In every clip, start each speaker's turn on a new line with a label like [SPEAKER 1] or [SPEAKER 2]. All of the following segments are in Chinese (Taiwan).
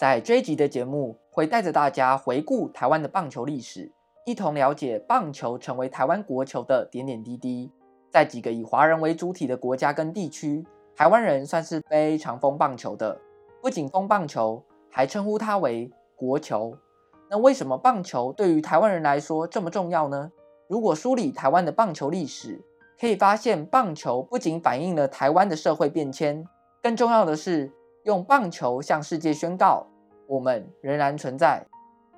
[SPEAKER 1] 在這一集的節目會帶着大家回顧台灣的棒球歷史，一同了解棒球成為台灣國球的點點滴滴。在幾個以華人為主體的國家跟地區，台灣人算是非常瘋棒球的，不僅瘋棒球，還稱呼它為國球。那為什麼棒球對於台灣人來說這麼重要呢？如果梳理台灣的棒球歷史，可以發現棒球不僅反映了台灣的社會變遷，更重要的是用棒球向世界宣告。我們仍然存在。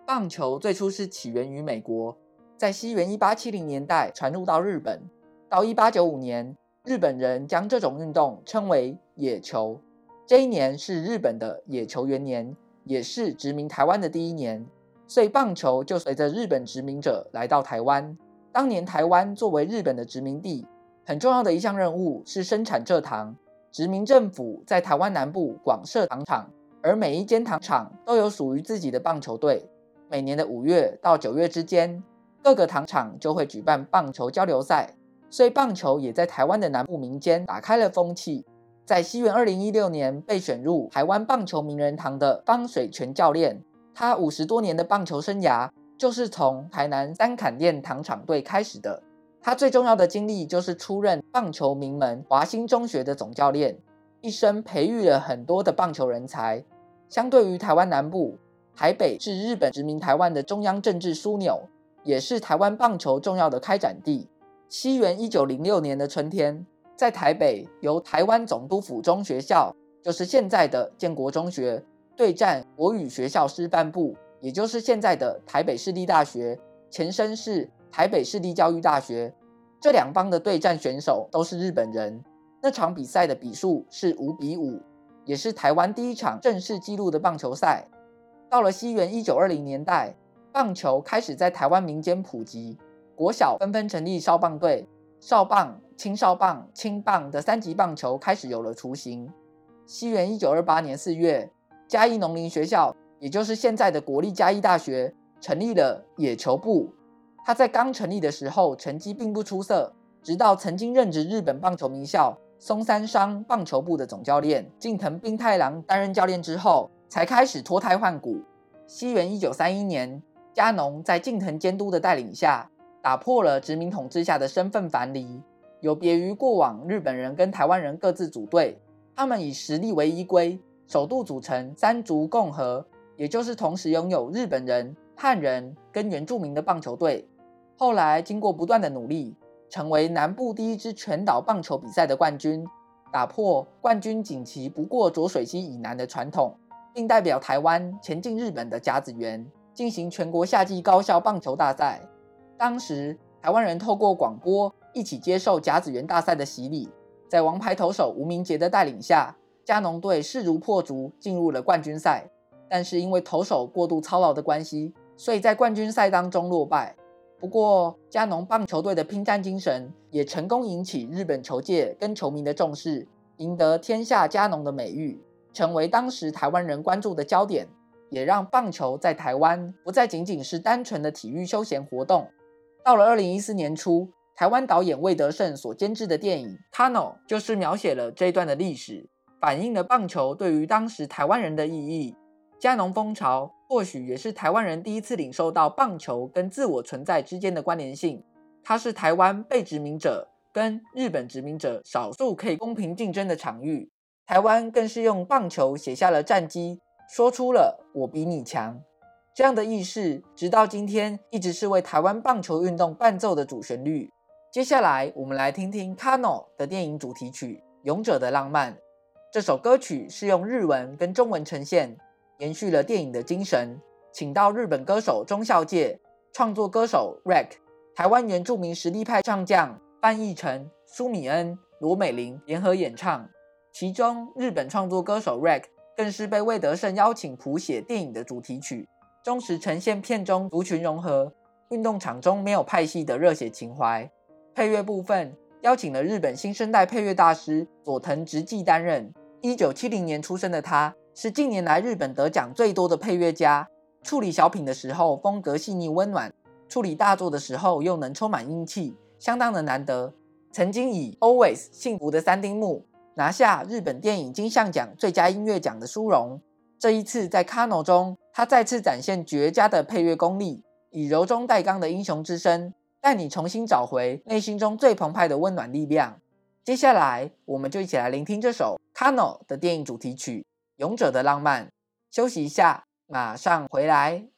[SPEAKER 1] 棒球最初是起源於美國，在西元一八七零年代傳入到日本。到一八九五年，日本人將這種運動稱為野球。這一年是日本的野球元年，也是殖民台灣的第一年，所以棒球就隨着日本殖民者來到台灣。當年台灣作為日本的殖民地，很重要的一項任務是生產蔗糖。殖民政府在台灣南部廣設糖廠。而每一間糖廠都有屬於自己的棒球隊，每年的五月到九月之間，各個糖廠就會舉辦棒球交流賽，所以棒球也在台灣的南部民間打開了風氣。在西元二零一六年被選入台灣棒球名人堂的方水泉教練，他五十多年的棒球生涯就是從台南三崁店糖廠隊開始的。他最重要的經歷就是出任棒球名門華興中學的總教練，一生培育了很多的棒球人才。相對於台灣南部，台北是日本殖民台灣的中央政治樞紐，也是台灣棒球重要的開展地。西元一九零六年的春天，在台北由台灣總督府中學校（就是現在的建國中學）對戰國語學校師範部（也就是現在的台北市立大學，前身是台北市立教育大學），這兩方的對戰選手都是日本人。那場比賽的比數是五比五。也是台灣第一場正式紀錄的棒球賽。到了西元一九二零年代，棒球開始在台灣民間普及，國小紛紛成立少棒隊，少棒、青少棒、青棒的三級棒球開始有了雛形。西元一九二八年四月，嘉義農林學校，也就是現在的國立嘉義大學，成立了野球部。他在剛成立的時候成績並不出色，直到曾經任職日本棒球名校。松山商棒球部的總教練近藤兵太郎擔任教練之後，才開始脫胎換骨。西元一九三一年，嘉農在近藤監督的帶領下，打破了殖民統治下的身份藩籬，有別於過往日本人跟台灣人各自組隊，他們以實力為依歸，首度組成三族共和，也就是同時擁有日本人、漢人跟原住民的棒球隊。後來經過不斷的努力。成為南部第一支全島棒球比賽的冠軍，打破冠軍錦旗不過濁水溪以南的傳統，並代表台灣前進日本的甲子園進行全國夏季高校棒球大賽。當時台灣人透過廣播一起接受甲子園大賽的洗禮，在王牌投手吳明捷的帶領下，嘉農隊勢如破竹進入了冠軍賽，但是因為投手過度操勞的關係，所以在冠軍賽當中落敗。不過，嘉農棒球隊的拼戰精神也成功引起日本球界跟球迷的重視，贏得天下嘉農的美譽，成為當時台灣人關注的焦點，也讓棒球在台灣不再僅僅是單純的體育休閒活動。到了二零一四年初，台灣導演魏德聖所監制的電影《KANO》就是描寫了這一段的歷史，反映了棒球對於當時台灣人的意義。嘉農風潮。或許也是台灣人第一次領受到棒球跟自我存在之間的關聯性。它是台灣被殖民者跟日本殖民者少數可以公平競爭的場域。台灣更是用棒球寫下了戰績，說出了“我比你強”這樣的意識，直到今天一直是為台灣棒球運動伴奏的主旋律。接下來我們來聽聽 KANO 的電影主題曲《勇者的浪漫》。這首歌曲是用日文跟中文呈現。延續了電影的精神，請到日本歌手中孝介、創作歌手 Rake、台灣原住民實力派唱將范逸臣、舒米恩、羅美玲聯合演唱。其中，日本創作歌手 Rake 更是被魏德聖邀請譜寫電影的主題曲，忠實呈現片中族群融合、運動場中沒有派系的熱血情懷。配樂部分邀請了日本新生代配樂大師佐藤直紀擔任。一九七零年出生的他。是近年來日本得獎最多的配樂家。處理小品的時候風格細膩溫暖，處理大作的時候又能充滿英氣，相當的難得。曾經以《Always 幸福的三丁目》拿下日本電影金像獎最佳音樂獎的殊榮。這一次在《KANO》中，他再次展現絕佳的配樂功力，以柔中帶剛的英雄之聲，帶你重新找回內心中最澎湃的溫暖力量。接下來，我們就一起來聆聽這首《KANO》的電影主題曲。勇者的浪漫，休息一下，馬上回來。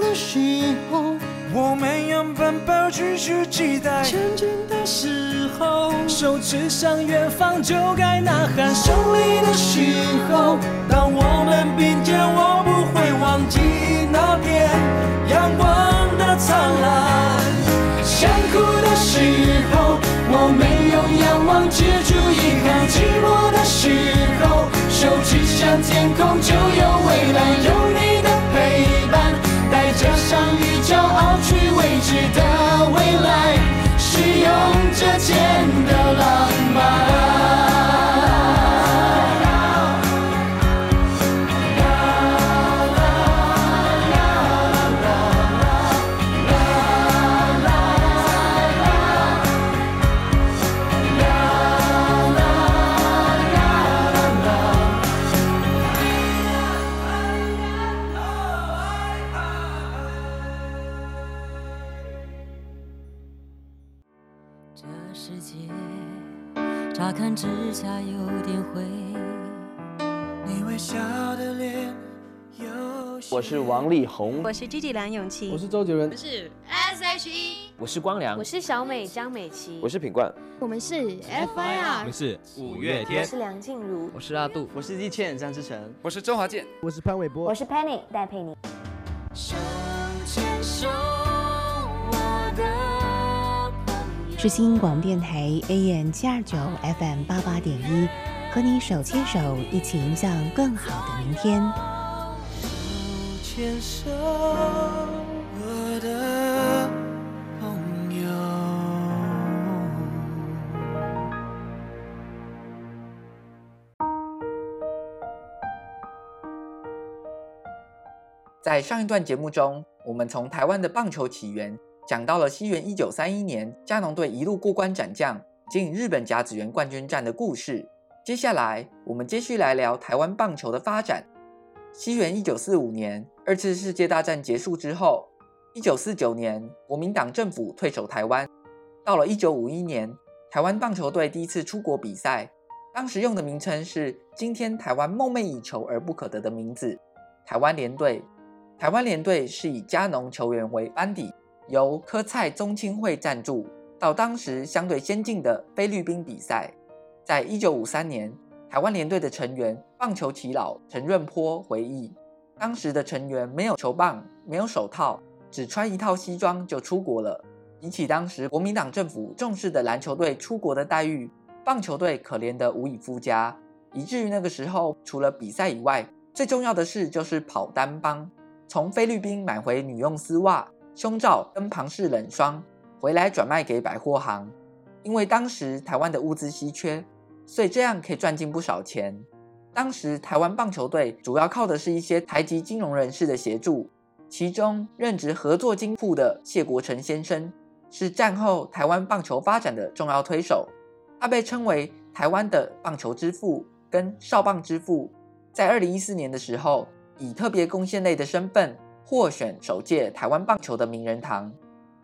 [SPEAKER 2] 的時候，我們用奔跑繼續期待；前進的時候，手指向遠方就該吶喊；勝利的時候，當我們並肩，我不會忘記那片陽光的燦爛。想哭的時候，我們用仰望記住遺憾；寂寞的時候，手指向天空就有未來。有你。驕傲去未知的未來，是勇者間的浪漫。我是王力宏，我是 Gigi 梁詠琪，我是周杰倫，我是 S H E，我是光良，我是小美張美琪，我是品冠，我們是 F I R，我們是五月天，我是梁靜茹，
[SPEAKER 1] 我是阿杜，我是易倩，張智成，我是周華健，我是潘瑋柏，我是 Penny 戴佩妮。
[SPEAKER 2] 世新廣電台 A M 七二九 F M 八八點一，和你手牽手，一起迎向更好的明天。手牽手，我的朋友。
[SPEAKER 1] 在上一段節目中，我們從台灣的棒球起源。講到了西元一九三一年，嘉農隊一路過關斬將，進日本甲子園冠軍戰的故事。接下來，我們繼續來聊台灣棒球的發展。西元一九四五年，二次世界大戰結束之後，一九四九年，國民黨政府退守台灣。到了一九五一年，台灣棒球隊第一次出國比賽，當時用的名稱是今天台灣夢寐以求而不可得的名字——台灣聯隊。台灣聯隊是以嘉農球員為班底。由柯蔡宗親會贊助，到當時相對先進的菲律賓比賽。在一九五三年，台灣聯隊的成員棒球耆老陳潤波回憶，當時的成員沒有球棒，沒有手套，只穿一套西裝就出國了。比起當時國民黨政府重視的籃球隊出國的待遇，棒球隊可憐得無以復加，以至於那個時候除了比賽以外，最重要的事就是跑單幫，從菲律賓買回女用絲襪胸罩跟旁氏冷霜回來轉賣給百貨行，因為當時台灣的物資稀缺，所以這樣可以賺進不少錢。當時台灣棒球隊主要靠的是一些台籍金融人士的協助，其中任職合作金庫的謝國城先生是戰後台灣棒球發展的重要推手，他被稱為台灣的棒球之父跟少棒之父。在二零一四年的時候，以特別貢獻類的身份。獲選首屆台灣棒球的名人堂。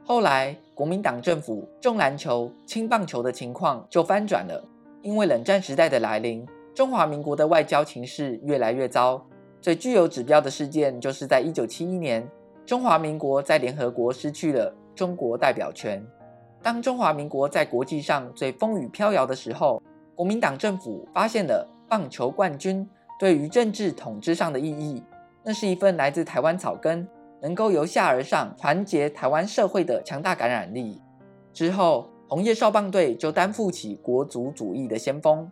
[SPEAKER 1] 後來，國民黨政府重籃球、輕棒球的情況就翻轉了。因為冷戰時代的來臨，中華民國的外交情勢越來越糟。最具有指標的事件，就是在一九七一年，中華民國在聯合國失去了中國代表權。當中華民國在國際上最風雨飄搖的時候，國民黨政府發現了棒球冠軍對於政治統治上的意義。那是一份來自台灣草根，能夠由下而上團結台灣社會的強大感染力。之後，紅葉少棒隊就擔負起國族主義的先鋒。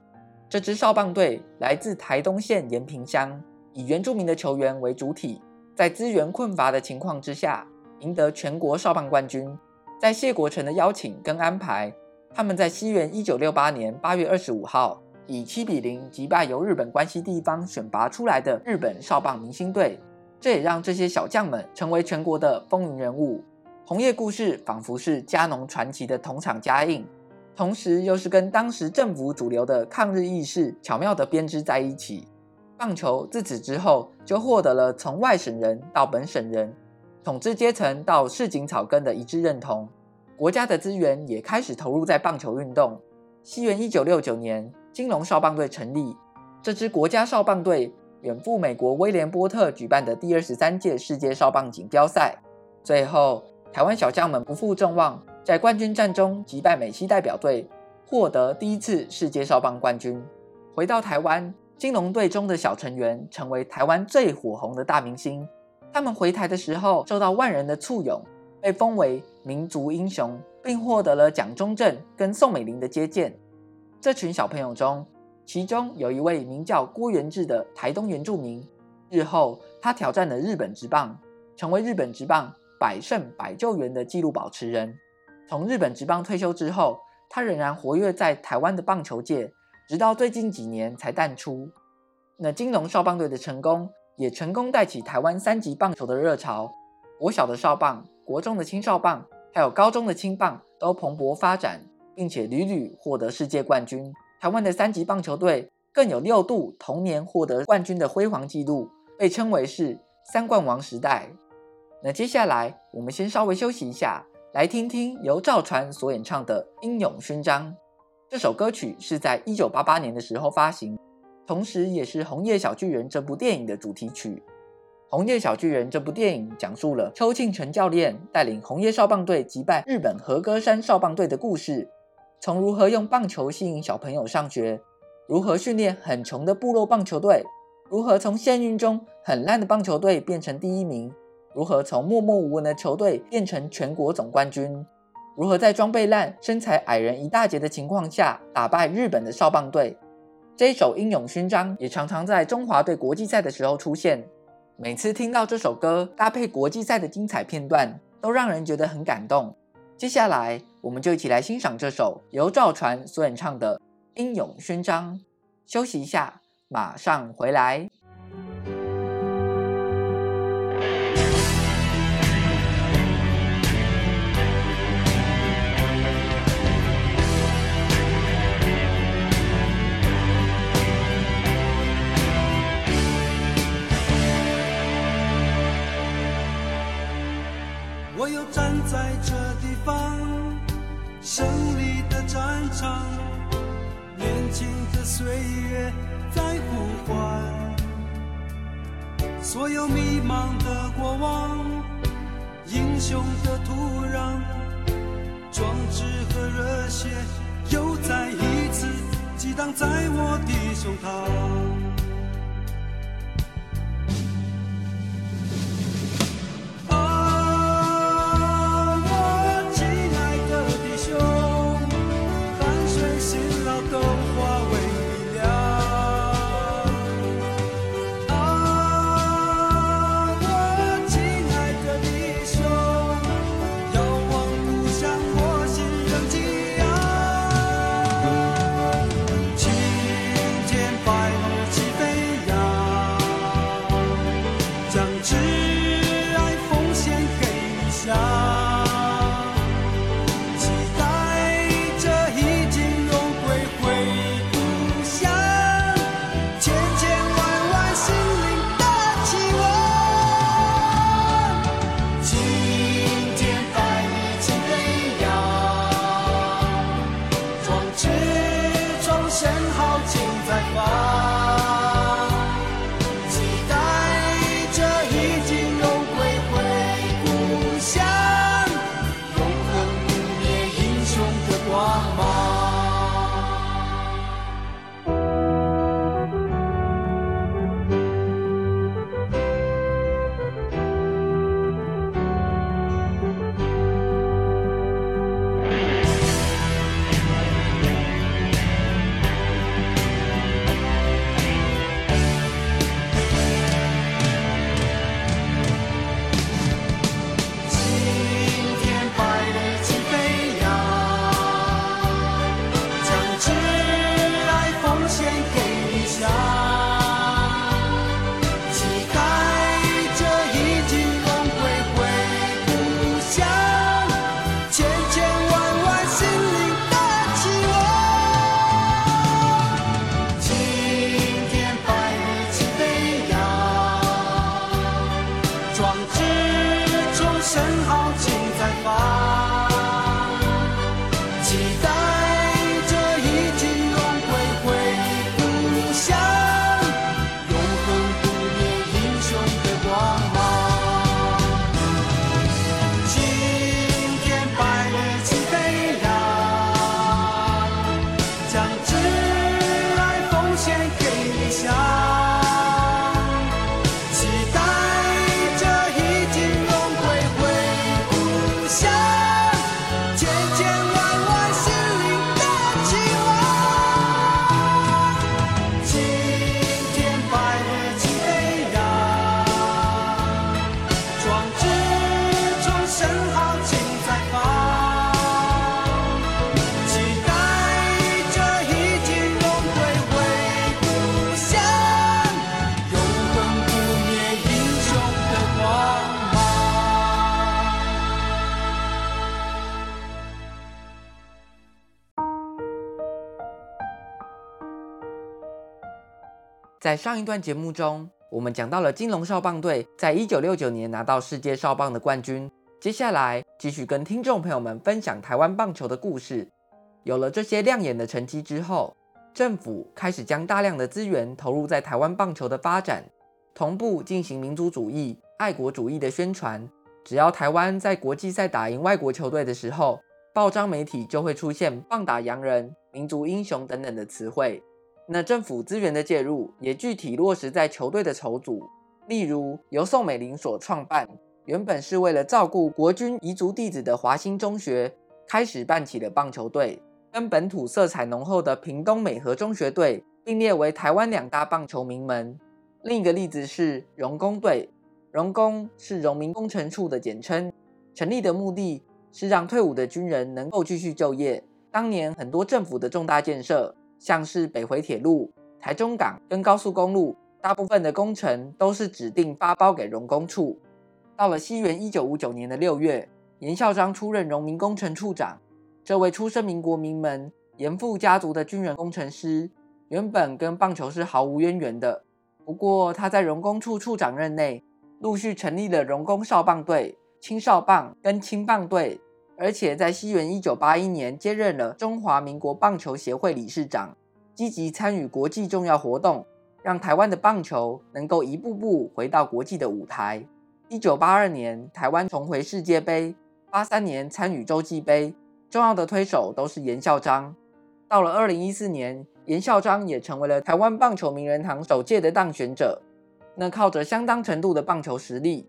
[SPEAKER 1] 這支少棒隊來自台東縣延平鄉，以原住民的球員為主體，在資源困乏的情況之下，贏得全國少棒冠軍。在謝國城的邀請跟安排，他們在西元一九六八年八月二十五號，以七比零擊敗由日本關西地方選拔出來的日本少棒明星隊，這也讓這些小將們成為全國的風雲人物。紅葉故事仿佛是 KANO 傳奇的同場加映，同時又是跟當時政府主流的抗日意識巧妙地編織在一起。棒球自此之後就獲得了從外省人到本省人、統治階層到市井草根的一致認同，國家的資源也開始投入在棒球運動。西元一九六九年。金龍少棒隊成立，這支國家少棒隊遠赴美國威廉波特舉辦的第二十三屆世界少棒錦標賽，最後台灣小將們不負眾望，在冠軍戰中擊敗美西代表隊，獲得第一次世界少棒冠軍。回到台灣，金龍隊中的小成員成為台灣最火紅的大明星。他們回台的時候受到萬人的簇擁，被封為民族英雄，並獲得了蔣中正跟宋美齡的接見。這群小朋友中，其中有一位名叫郭源治的台東原住民。日後，他挑戰了日本職棒，成為日本職棒百勝百救援的紀錄保持人。從日本職棒退休之後，他仍然活躍在台灣的棒球界，直到最近幾年才淡出。那金龍少棒隊的成功，也成功帶起台灣三級棒球的熱潮。國小的少棒、國中的青少棒，還有高中的青棒，都蓬勃發展。並且屢屢獲得世界冠軍，台灣的三級棒球隊更有六度同年獲得冠軍的輝煌紀錄，被稱為是三冠王時代。那接下來我們先稍微休息一下，來聽聽由趙傳所演唱的《英勇勳章》。這首歌曲是在一九八八年的時候發行，同時也是《紅葉小巨人》這部電影的主題曲。《紅葉小巨人》這部電影講述了邱慶成教練帶領紅葉少棒隊擊敗日本和歌山少棒隊的故事。從如何用棒球吸引小朋友上學，如何訓練很窮的部落棒球隊，如何從縣運中很爛的棒球隊變成第一名，如何從默默無聞的球隊變成全國總冠軍，如何在裝備爛、身材矮人一大截的情況下打敗日本的少棒隊，這一首《英勇勳章》也常常在中華隊國際賽的時候出現。每次聽到這首歌搭配國際賽的精彩片段，都讓人覺得很感動。接下來，我們就一起來欣賞這首由趙傳所演唱的《英勇勳章》。休息一下，馬上回來。
[SPEAKER 2] 我又站在這。方勝利的戰場，年輕的歲月在呼喚，所有迷茫的過往，英雄的土壤，壯志和熱血又再一次激盪在我的胸膛。
[SPEAKER 1] 在上一段節目中，我們講到了金龍少棒隊在1969年拿到世界少棒的冠軍。接下來繼續跟聽眾朋友們分享台灣棒球的故事。有了這些亮眼的成績之後，政府開始將大量的資源投入在台灣棒球的發展，同步進行民族主義、愛國主義的宣傳。只要台灣在國際賽打贏外國球隊的時候，報章媒體就會出現“棒打洋人”、“民族英雄”等等的詞彙。那政府資源的介入也具體落實在球隊的籌組，例如由宋美齡所創辦，原本是為了照顧國軍遺族弟子的華興中學，開始辦起了棒球隊，跟本土色彩濃厚的屏東美和中學隊並列為台灣兩大棒球名門。另一個例子是榮工隊，榮工是榮民工程處的簡稱，成立的目的是讓退伍的軍人能夠繼續就業。當年很多政府的重大建設，像是北回鐵路、台中港跟高速公路，大部分的工程都是指定發包給榮工處。到了西元一九五九年的六月，嚴孝章出任榮民工程處長。這位出身民國名門嚴復家族的軍人工程師，原本跟棒球是毫無淵源的。不過他在榮工處處長任內，陸續成立了榮工少棒隊、青少棒跟青棒隊。而且在西元一九八一年接任了中華民國棒球協會理事長，積極參與國際重要活動，讓台灣的棒球能夠一步步回到國際的舞台。一九八二年，台灣重回世界杯；八三年參與洲際杯，重要的推手都是嚴孝章。到了二零一四年，嚴孝章也成為了台灣棒球名人堂首屆的當選者，那靠着相當程度的棒球實力。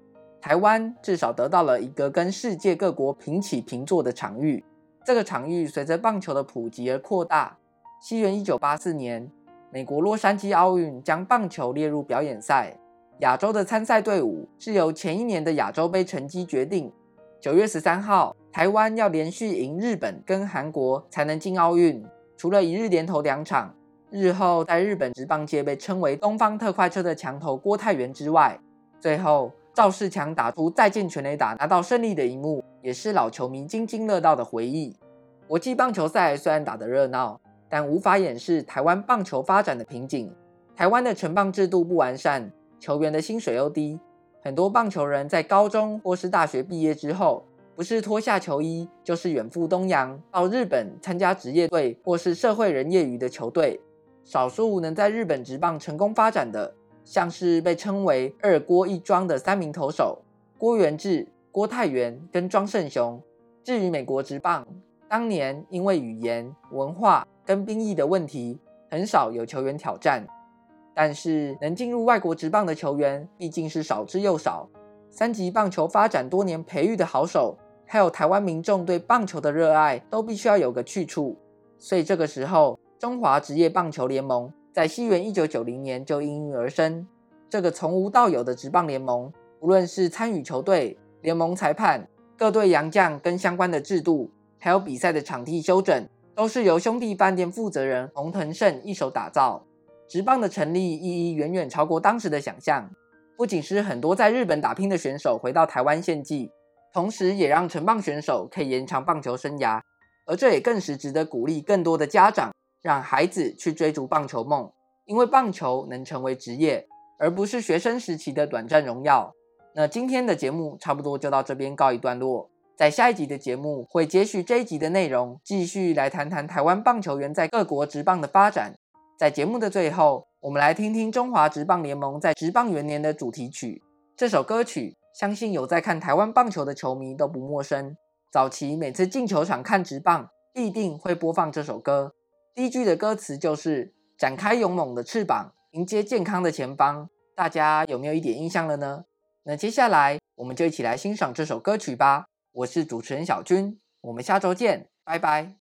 [SPEAKER 1] 台灣至少得到了一個跟世界各國平起平坐的場域。這個場域隨着棒球的普及而擴大。西元一九八四年，美國洛杉磯奧運將棒球列入表演賽。亞洲的參賽隊伍是由前一年的亞洲盃成績決定。九月十三號，台灣要連續贏日本跟韓國才能進奧運。除了一日連投兩場，日後在日本職棒界被稱為“東方特快車”的強投郭泰源之外，最後，趙士強打出再見全壘打拿到勝利的一幕，也是老球迷津津樂道的回憶。國際棒球賽雖然打得熱鬧，但無法掩飾台灣棒球發展的瓶頸。台灣的成棒制度不完善，球員的薪水又低，很多棒球人在高中或是大學畢業之後，不是脫下球衣，就是遠赴東洋，到日本參加職業隊或是社會人業餘的球隊。少數能在日本職棒成功發展的。像是被稱為“二郭一莊”的三名投手郭源治、郭泰源跟莊勝雄。至於美國職棒，當年因為語言、文化跟兵役的問題，很少有球員挑戰。但是能進入外國職棒的球員，畢竟是少之又少。三級棒球發展多年培育的好手，還有台灣民眾對棒球的熱愛，都必須要有個去處。所以這個時候，中華職業棒球聯盟。在西元一九九零年就應運而生，這個從無到有的職棒聯盟，無論是參與球隊、聯盟裁判、各隊洋將跟相關的制度，還有比賽的場地修整，都是由兄弟飯店負責人洪騰勝一手打造。職棒的成立意義遠遠遠超過當時的想象，不僅是很多在日本打拼的選手回到台灣獻技，同時也讓成棒選手可以延長棒球生涯，而這也更是值得鼓勵更多的家長。讓孩子去追逐棒球夢，因為棒球能成為職業，而不是學生時期的短暫榮耀。那今天的節目差不多就到這邊告一段落，在下一集的節目會接續這一集的內容，繼續來談談台灣棒球員在各國職棒的發展。在節目的最後，我們來聽聽中華職棒聯盟在職棒元年的主題曲。這首歌曲相信有在看台灣棒球的球迷都不陌生，早期每次進球場看職棒，必定會播放這首歌。第一句的歌詞就是“展開勇猛的翅膀，迎接健康的前方”，大家有沒有一點印象了呢？那接下來我們就一起來欣賞這首歌曲吧。我是主持人小鈞，我們下周見，拜拜。